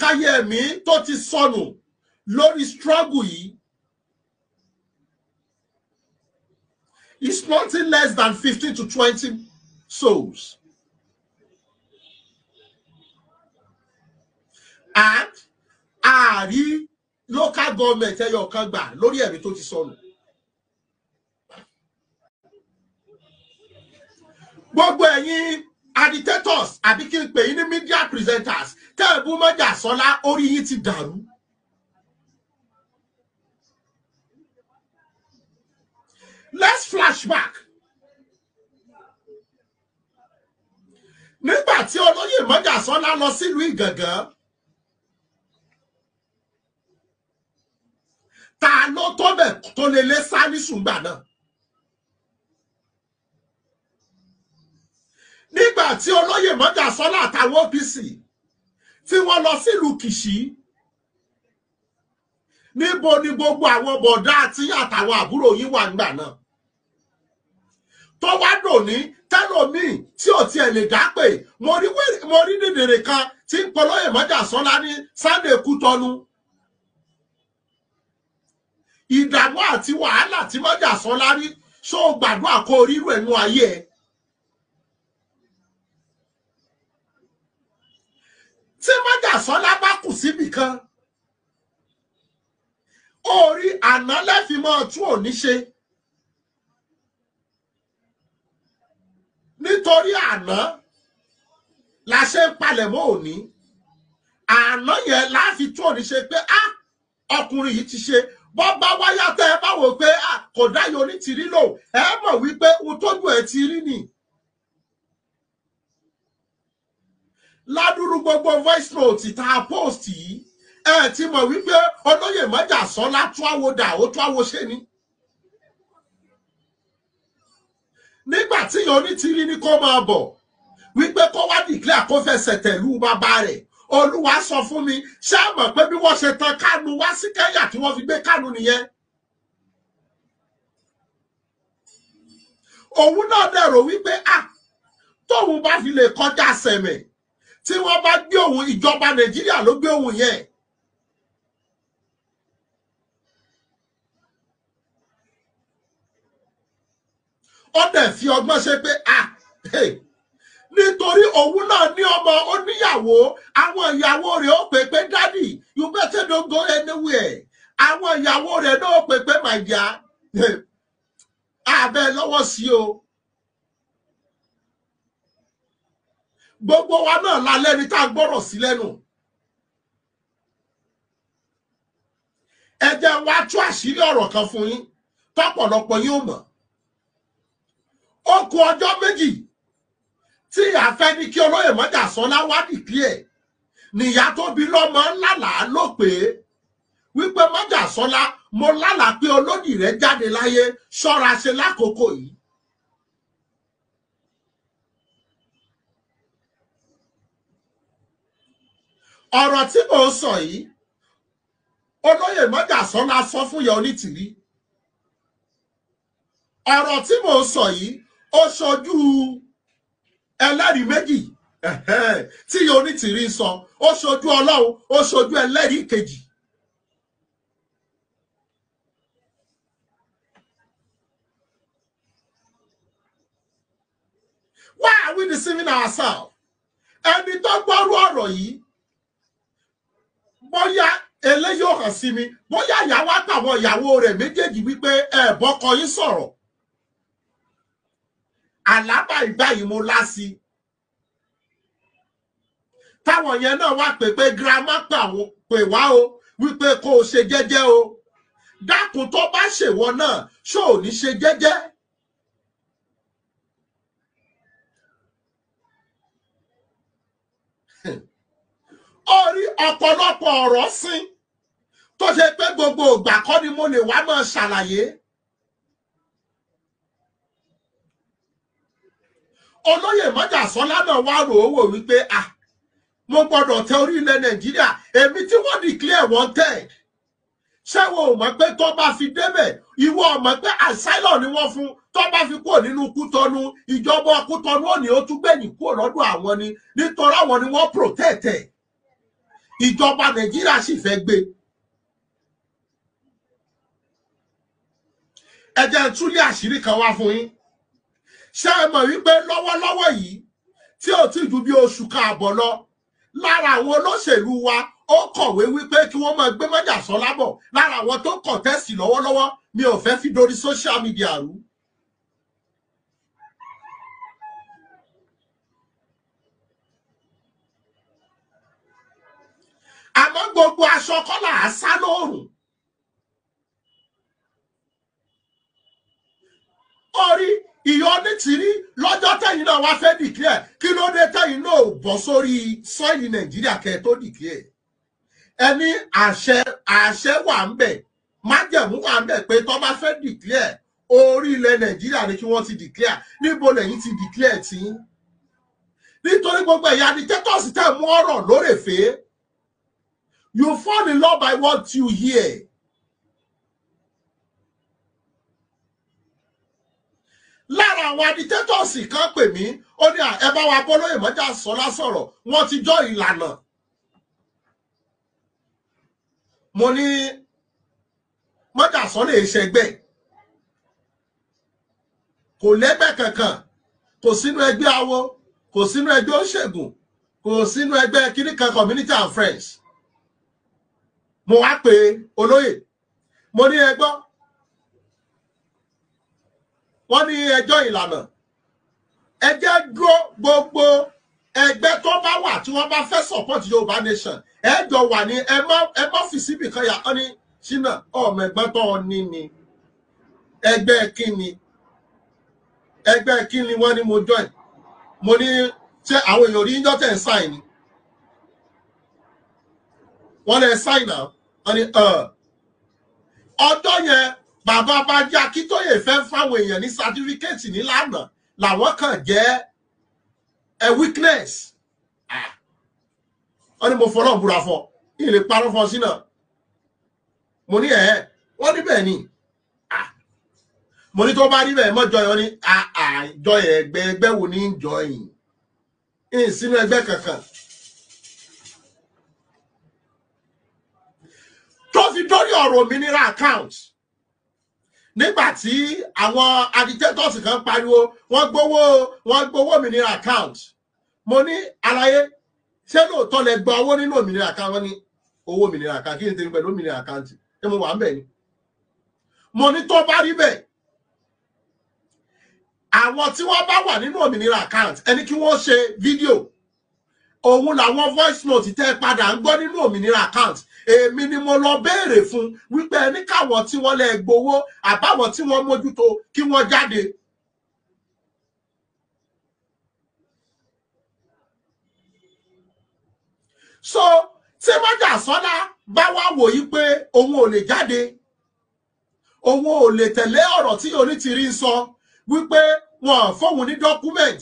làákàyè ẹ̀mí tó ti sọnù lórí struggle yìí is nothing less than fifteen to twenty souls. and ààrí local government ẹyọ kan gbà lórí ẹ̀mí tó ti sọnù. gbogbo ẹ̀yin agitators àbí kí n pè yín ní media presenters tẹ́ mọ́jà sọ́lá orí yín ti dàrú. let's flashback. nígbà tí olóyè mọ́jà sọ́lá lọ sílùú ìgàngán ta ló tó bẹ̀ tó lè lé sálísù gbà náà. nígbà tí olóyè mọ́jà sọ́lá àtàwọn OPC tí wọ́n lọ sílùú Kìṣí níbo ni gbogbo àwọn bọ̀dá àti àtàwọn àbúrò yín wà nígbà náà tó wá dòní tẹ́lọ̀míì tí ò tiẹ̀ lè dá pé mo rí dèdèrè kan tí ń polóyè mọ́jà sọ́lá ní Sunday Kútọ́nù ìdààmú àti wàhálà tí mọ́jà sọ́lá rí ṣó o gbàdúrà kó o rírú ẹnu ayé ẹ̀ tí májàsọ́lá bá kù síbì kan orí àná lẹ́fi máa tún òní ṣe nítorí àná la ṣe ń palẹ̀mọ́ òní àná yẹn láti tún òní ṣe pé á ah, ọkùnrin yìí ti ṣe bọ́ bá wáyà tẹ́ ẹ bá wò pé ah, kò dáyọ̀ ní tìrí lò ẹ mọ̀ wípé ohun tójú ẹ ti rí nìyí. ládùúrú gbogbo voice note tá a post yìí ẹ ti mọ̀ wípé olóyè mọ́jà sọ́lá tún àwo dà ó tún àwo ṣe ni. nígbà tí yóò ní tìrí ni kó máa bọ̀ wípé kó wá declare kó fẹsẹ̀ tẹ̀lú bàbá rẹ̀ olúwa sọ fún mi ṣé ẹ mọ̀ pé bí wọ́n ṣe tan kánú wá sí kẹ́yà tí wọ́n fi gbé kánú nìyẹn. òun náà dẹ̀rọ wípé ah tóun bá fi lè kọjá sẹ̀mẹ̀ tí wọ́n bá gbé òun ìjọba nàìjíríà ló gbé òun yẹn. ó dẹ̀ fi ọgbọ́n ṣe pé ah hey nítorí òun náà ní ọmọ ó níyàwó àwọn ìyàwó rẹ̀ ó pè pé dádì you better don't go anywhere àwọn ìyàwó rẹ̀ náà ó pè pé my dear abẹ́ lọ́wọ́ sí o. gbogbo wa náà la lẹ́ni tá a gbọ́rọ̀ sí lẹ́nu ẹ jẹ́ wá tú àṣírí ọ̀rọ̀ kan fún yín tọ́pọ̀lọpọ̀ yín ò mọ̀ ó kù ọjọ́ méjì tí àfẹ́ ní kí olóyè mọ́jà sọlá wá nìkí ẹ̀ nìyá tó bí lọ́mọ lálàá ló pé wípé mọ́jà sọlá mo lálàá pé olódì rẹ̀ jáde láyé ṣọ́ra ṣe lákòókò yìí ọ̀rọ̀ tí mò ń sọ yìí olóyè mọ́jàsán la sọ fún yẹ onítìrí ọ̀rọ̀ tí mò ń sọ yìí ó ṣojú ẹlẹ́rìí méjì tí yẹ onítìrí sọ ó ṣojú ọlọ́run ó ṣojú ẹlẹ́rìí kejì. Why are we deceiving ourselves? ẹni tó gbọ́rú ọ̀rọ̀ yìí bóyá eléyìí ò hàn sí mi bóyá ìyàwó àtàwọn ìyàwó rẹ̀ méjèèjì wípé ẹ bọ́kọ yín sọ̀rọ̀ àlábà ìbáyìí mo lásì táwọn yẹn náà wá pé pé girama pè wá o wípé kó o ṣe jẹ́jẹ́ o dákun tó bá ṣèwọ náà ṣó ò ní ṣe jẹ́jẹ́. Hmm orí ọ̀pọ̀lọpọ̀ ọ̀rọ̀ sin tó ṣe pé gbogbo ìgbà kọ́ ni mo lè wá máa ṣàlàyé. olóyè mọ́jàsọ́lá náà wá rò ó wò wípé ah mo gbọ́dọ̀ tẹ orí ilẹ̀ nàìjíríà èmi tí wọ́n declare wanted ṣé wọn ò mọ̀ pé tó bá fi débẹ̀ ìwọ mọ̀ pé asylum ni wọ́n fún tó bá fi kúrò nínú kútọ́nù ìjọba kútọ́nù òní ó tún gbẹ̀yìn kúrò lọ́dọ̀ àwọn ni nítorí àwọn ni wọ́n protect ìjọba nàìjíríà sì fẹ́ gbé ẹ jẹ́ n túlé àṣírí kan wá fún yín ṣé ẹ mọ̀ wípé lọ́wọ́lọ́wọ́ yìí tí ò tí ju bí oṣù káàbọ̀ lọ lára àwọn olóṣèlú wa ó kọ̀wé wípé kí wọ́n máa gbé mọ́jà sọ lábọ̀ lára àwọn tó kọ̀tẹ́sì lọ́wọ́lọ́wọ́ mi ò fẹ́ fi dorí social media rú gbogbo aṣọ kọ́là á sá lóòrùn. orí ìyọ onítìrí lọ́jọ́ tẹ̀yìn náà wá fẹ́ dìklẹ̀ kí ló dé tẹ̀yìn náà ò bọ́ sórí sọ́ìlì nàìjíríà kẹ́ tó dìklẹ̀ ẹni àṣẹ àṣẹ wà ń bẹ̀ májẹ̀mú wà ń bẹ̀ pé tó bá fẹ́ dìklẹ̀ orí ilẹ̀ nàìjíríà ni kí wọ́n ti dìklẹ̀ níbo lẹ́yìn ti dìklẹ̀ tí nítorí gbogbo ẹ̀yà ni tẹ́tọ̀sì tẹ̀ mú ọ̀rọ̀ lórèfèé You fall in love by what you hear. lára àwọn agitators kan pè mí ó ní ẹ bá wa bọ́lóyè mọ́jà sọlá sọ̀rọ̀ wọ́n ti jọ ìlànà. mo ní mọ́jà sọ lè ṣẹgbẹ́ kò lẹ́gbẹ́ kankan kò sínú ẹgbẹ́ awo kò sínú ẹgbẹ́ òṣègùn kò sínú ẹgbẹ́ kiri community and friends mo wá pé olóyè mo ní ẹgbọ́ wọ́n ní ẹjọ́ ìlànà ẹ jẹ́ dúró gbogbo ẹgbẹ́ tó bá wà tí wọ́n bá fẹ́ support Yorùbá nation ẹ jọ wà ní ẹ má ẹ má fi síbì kan yà ọ́ ní ṣínà ọmọ ẹ̀gbọ́n tó ọ ní ni ẹgbẹ́ ni ẹgbẹ́ kíni wọ́n ní mo join mo ní ṣé àwọn èèyàn rí yín jọ́ tẹ̀ ń sáìn ni wọ́n lẹ sáì náà wọ́n ní uh. ọjọ́ yẹn bàbá bájí akíntóyè fẹ́ fáwọn èèyàn ní sátífíkẹ́ẹ̀tì nílànà làwọn kàn jẹ́ ẹ weakness ah. wọ́n ní mo fọlọ́ búra fọ ilé parọ́ fọ sí náà mo ní ẹ̀ wọ́n ní bẹ́ẹ̀ ni ah. mo ní tó bá rí bẹ́ẹ̀ mọ́ jọyọ̀ ní àjọ ah, ẹgbẹ́ ẹgbẹ́ wo ní jọyìn ìsínú ẹgbẹ́ kankan fi dórí ọ̀rọ̀ òmìnira account nígbà tí àwọn agitators kan pariwo wọ́n gbowó wọ́n gbowó òmìnira account mo ní àlàyé ṣé lóòótọ́ lẹ gba owó nínú òmìnira account wọ́n ní owó òmìnira account kí ni tèmi pẹ̀lú òmìnira account ṣé mo wà ń bẹ̀ ni mo ní tó bá rí bẹ́ẹ̀ àwọn tí wọ́n bá wà nínú òmìnira account ẹni kí wọ́n ṣe fídíò òun làwọn voice note tẹ́ padà ń gbọ́ nínú òmìnira account èmi ni mo lọ béèrè fún wípé ẹni káwọn tí wọ́n lè gbowó àbáwọn tí wọ́n mójútó kí wọ́n jáde so tí Roger Sọ́lá bá wá wò yí pé òun ò lè jáde òun ò lè tẹ̀lé ọ̀rọ̀ tí onítìrí ń sọ wípé wọn fóun ní document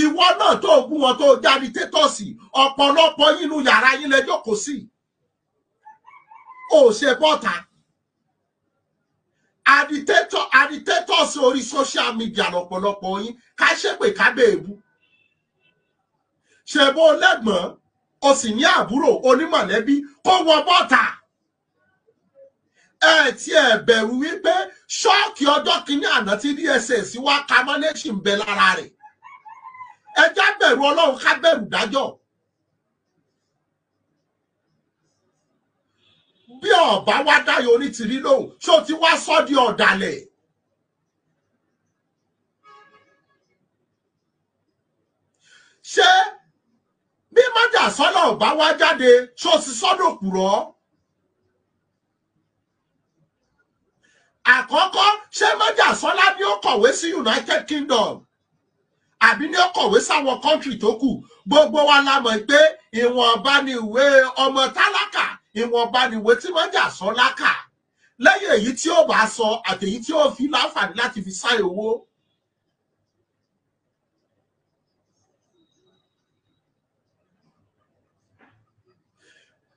ìwọ náà tó gún wọn tó jáde tétọ́ọ̀sì ọ̀pọ̀lọpọ̀ yínú yàrá yín lẹ́jọ́ kò sí ò ṣe bọ́ta àdìtẹ́tọ̀sì orí social media lọ́pọ̀lọpọ̀ yín ká ṣépè ká bèèbú ṣe bó lẹ́gbọ̀n o sì ní àbúrò onímọ̀lẹ́bí kó wọ bọ́ta ẹ ti ẹ bẹ̀rù wípé ṣọ́ọ̀kì ọjọ́ kìíní àná tí dss wá kamọ́lé ń bẹ lára rẹ̀ ẹjá bẹ̀rù ọlọ́run ká bẹ̀rù dájọ́ bí ọba wá dáyọ onítìrí lóhùn ṣó ti wá sọ ọ̀dàlẹ̀. ṣé bí májà ọba wá jáde ṣó ti sọ́dọ̀ kùrọ̀ àkọ́kọ́ ṣé májà ni ó kọ̀wé sí United Kingdom àbí ní ọkọ̀wé sáwọn kọ́ńtì tó kù gbogbo wa la mọ̀ pé ìwọ̀nba ni ìwé ọmọ tálákà ìwọ̀nba ni ìwé tí mọ́jà sọ lákà lẹ́yìn èyí tí ó bá sọ àtèyí tí ó fi láǹfààní láti fi sáré owó.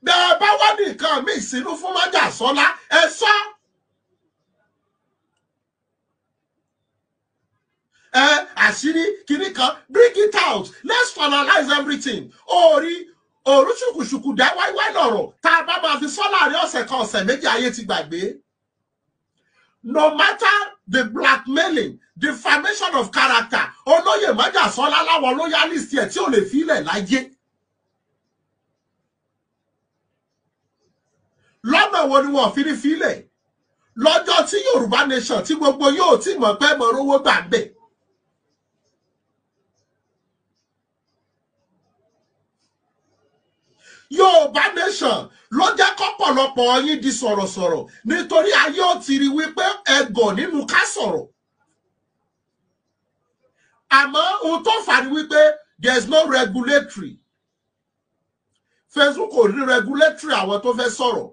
bẹ́ẹ̀ bá wá nìkan mí ìsinú fún mọ́jà sọ́lá ẹ sọ́. àṣírí kìíní kan bring it out let's finalize everything orí òru ṣùkùṣùkù dá wáíwáí lọ̀rọ̀ tá a bá máa fi sọ́láàrí ọ̀sẹ̀ kan ọ̀sẹ̀ méjì ayé ti gbàgbé no matter the blackmailing defamation of character olóyè májàsọ́lá láwọn loyalist ẹ̀ tí ò lè filẹ̀ láyé. lọ́nà wo ni wọ́n fi ní filẹ̀ lọ́jọ́ tí yorùbá nation tí gbogbo yóò ti mọ̀ pé mọ̀ rówó gbà ń bẹ̀. yorùbá nation ló jẹ́ kọ́pọ̀lọpọ̀ yín di sọ̀rọ̀sọ̀rọ̀ nítorí ayé ò ti rí wípé ẹ̀gọ̀ nínú ká sọ̀rọ̀ àmọ́ ohun tó fà ní wípé there is no regulatory facebook ò rí regulatory àwọn tó fẹ́ sọ̀rọ̀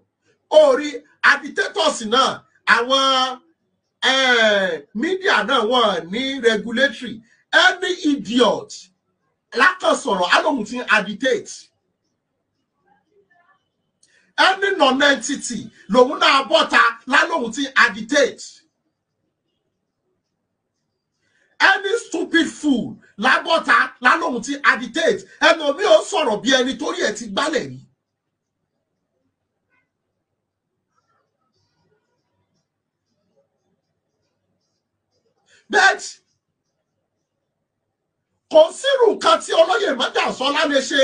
ó rí agitators náà àwọn eh, media náà wọ́n ní regulatory any idiot lákàn sọ̀rọ̀ alóhùn ti agitate any non-entity lòun náà bọ́ta lálóhun ti agitate any stupid fool lábọ́ta lálóhun ti agitate ẹnu omi ò sọ̀rọ̀ bí ẹni torí ẹ̀ ti gbálẹ̀ rí. bẹ́ẹ̀ kò sírù nǹkan tí olóyè mọ́jà sọ́lá ṣe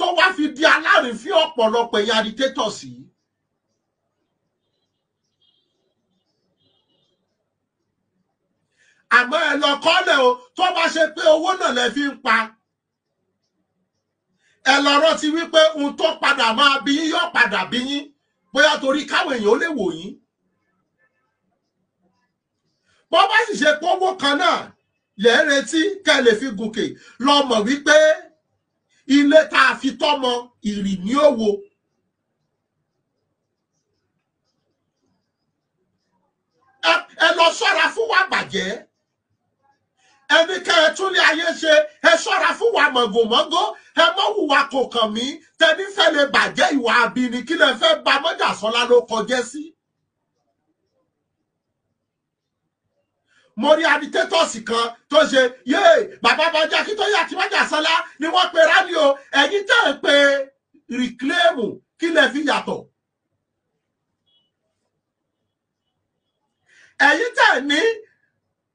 tó wá fi di alárìnfín ọ̀pọ̀lọpọ̀ ẹ̀yà àdìtẹ́tọ̀ sí. àmọ́ ẹ lọ kọ́lẹ̀ o tó bá ṣe pé owó náà lẹ fi ń pa ẹ lọ rántí wípé ohun tó padà máa bí yín yóò padà bí yín bóyá torí káwọn èèyàn ó lè wò yín bó bá sì ṣe pé owó kan náà lẹ́ẹ̀retí kẹ́ ẹ lè fi gòkè lọ mọ̀ wípé ilé tá a fi tọ́mọ ìrì ní òwò ẹ lọ ṣọ́ra fún wa bàjẹ́ ẹni kẹ ẹ tún lé ayé ṣe ẹ ṣọ́ra fún wa mọ̀gòmọ́gó ẹ mọ́ hùwà kò kàn mí tẹni fẹ́ lè bàjẹ́ ìwà àbínì kí lẹ fẹ́ ba mọ́jà sọ́lá ló kọjẹ́ sí. Si mo rí agitators kan tó ṣe yéè bàbá bàjẹ́ akíntóyè àti bàjẹ́ àsálá ni wọ́n pe rálì o ẹ̀yin tẹ́ ẹ̀ pé rìkílẹ́mù kí lẹ fi yàtọ̀. ẹ̀yin tẹ́ ẹ̀ ní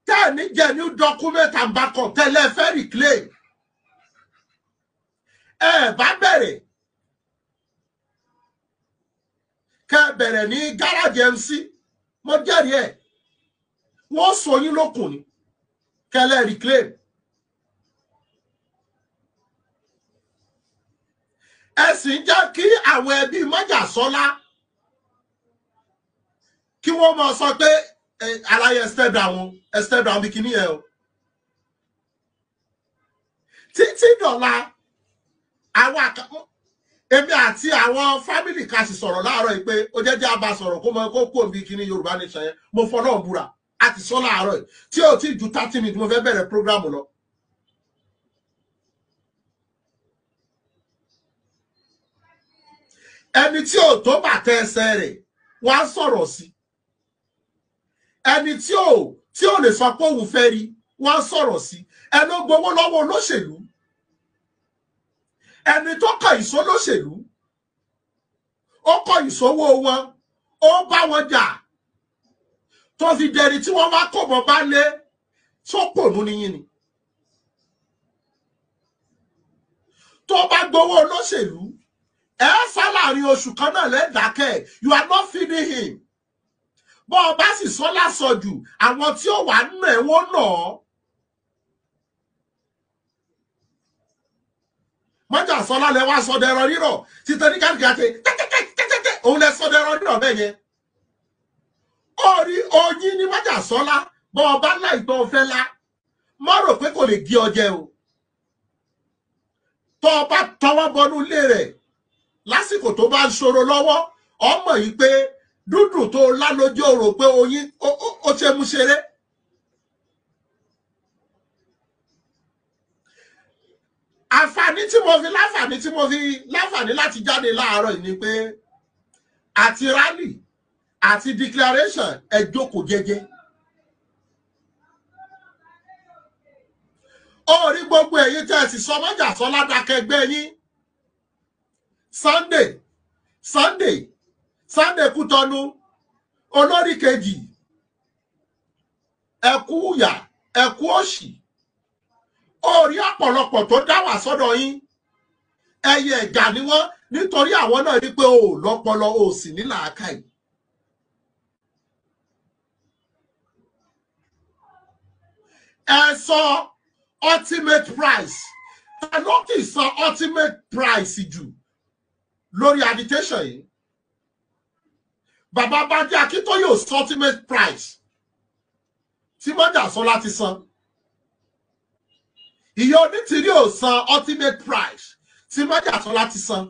tẹ́ ẹ̀ ní genuine document and backup tẹ́lẹ̀ fẹ́ rìkílẹ́m ẹ̀ bá bẹ̀rẹ̀ kẹ́ bẹ̀rẹ̀ ní gáràjì MC mo jẹ́rìí ẹ̀ wọ́n sọ yín lókun ni kẹlẹ́ reclaim. ẹ̀sìn jẹ́ kí àwọn ẹbí májàsọ́lá kí wọ́n máa sọ pé aláyẹ step down ẹ step down bí kíní ẹ o títí dọ̀la àwọn àkàkọ́ èmi àti àwọn fámìlì ká sì sọ̀rọ̀ láàárọ̀ yìí pé ó jẹ́ jẹ́ àbá sọ̀rọ̀ kó mọ kó kó bí kíní Yorùbá nation yẹn mo fọlọ́ọ̀ búra a ti sọ láàárọ̀ yìí tí o ti ju thirty minutes mo fẹ́ bẹ̀rẹ̀ programu lọ. ẹni tí ò tó bàtẹ ẹsẹ̀ rẹ̀ wá sọ̀rọ̀ sí ẹni tí ò tí ò lè sọ pé òun fẹ́ rí wá sọ̀rọ̀ sí ẹni ó gbowó lọ́wọ́ olóṣèlú ẹni tó kọ ìṣó lóṣèlú ó kọ ìṣòwò wọn ó bá wọn jà tó fi dẹni tí wọ́n wá kọ̀bọ̀ bá lé sọ́pọ̀nù níyìn ni. tó bá gbowó olóṣèlú ẹ sá láàrin oṣù kan náà lẹ́dàkẹ́ you are not feeding him bọ́ ọ bá sì sọ lásọjù àwọn tí ó wà nù ẹ̀ wọ́n nà ọ́. mọ́jà sọlá lẹ wá sọdẹ̀rọ̀ rírọ̀ títẹ̀ ní kárìkàtẹ́ tẹ́tẹ́tẹ́tẹ́tẹ́ òun lẹ sọdẹ̀rọ̀ rírọ̀ bẹ́ẹ̀ yẹn orí oyin ní májàsọ́lá bọ́ ọba láì gbọ́ ọfẹ́ lá mọ́ rò pé kò lè gé ọjẹ́ o tọ́ ọba tọwọ́ bọnú ilé rẹ̀ lásìkò tó bá ń ṣòro lọ́wọ́ ọmọ yìí pé dúdú tó lálójú òrò pé oyin ó ṣe mú ṣeré. àǹfààní tí mo fi láǹfààní tí mo fi láǹfààní láti jáde láàárọ̀ yìí ni pé àti rálì àti declaration ẹ jókòó jẹ́jẹ́ orí gbogbo ẹ̀yin tẹ́ ẹ sì sọ mọ́jà sọ ládàkẹgbẹ́ yín Sunday Sunday Sunday Kútọ́nú olórí kejì ẹkú ìyà ẹkú òṣì orí ọ̀pọ̀lọpọ̀ tó dá wà sọ́dọ̀ yín ẹyẹ ẹ̀gà ni wọ́n nítorí àwọn náà rí pé o ò lọ́pọlọ o ò sì ní làákàyè ẹ sọ ultimate price ta ló kì í san ultimate price jù lórí agitation yìí bàbá bàjẹ́ akíntóyè ò sọ ultimate price tí mọ́jà sọ láti san ìyá onítìrí ò san ultimate price tí mọ́jà sọ láti san.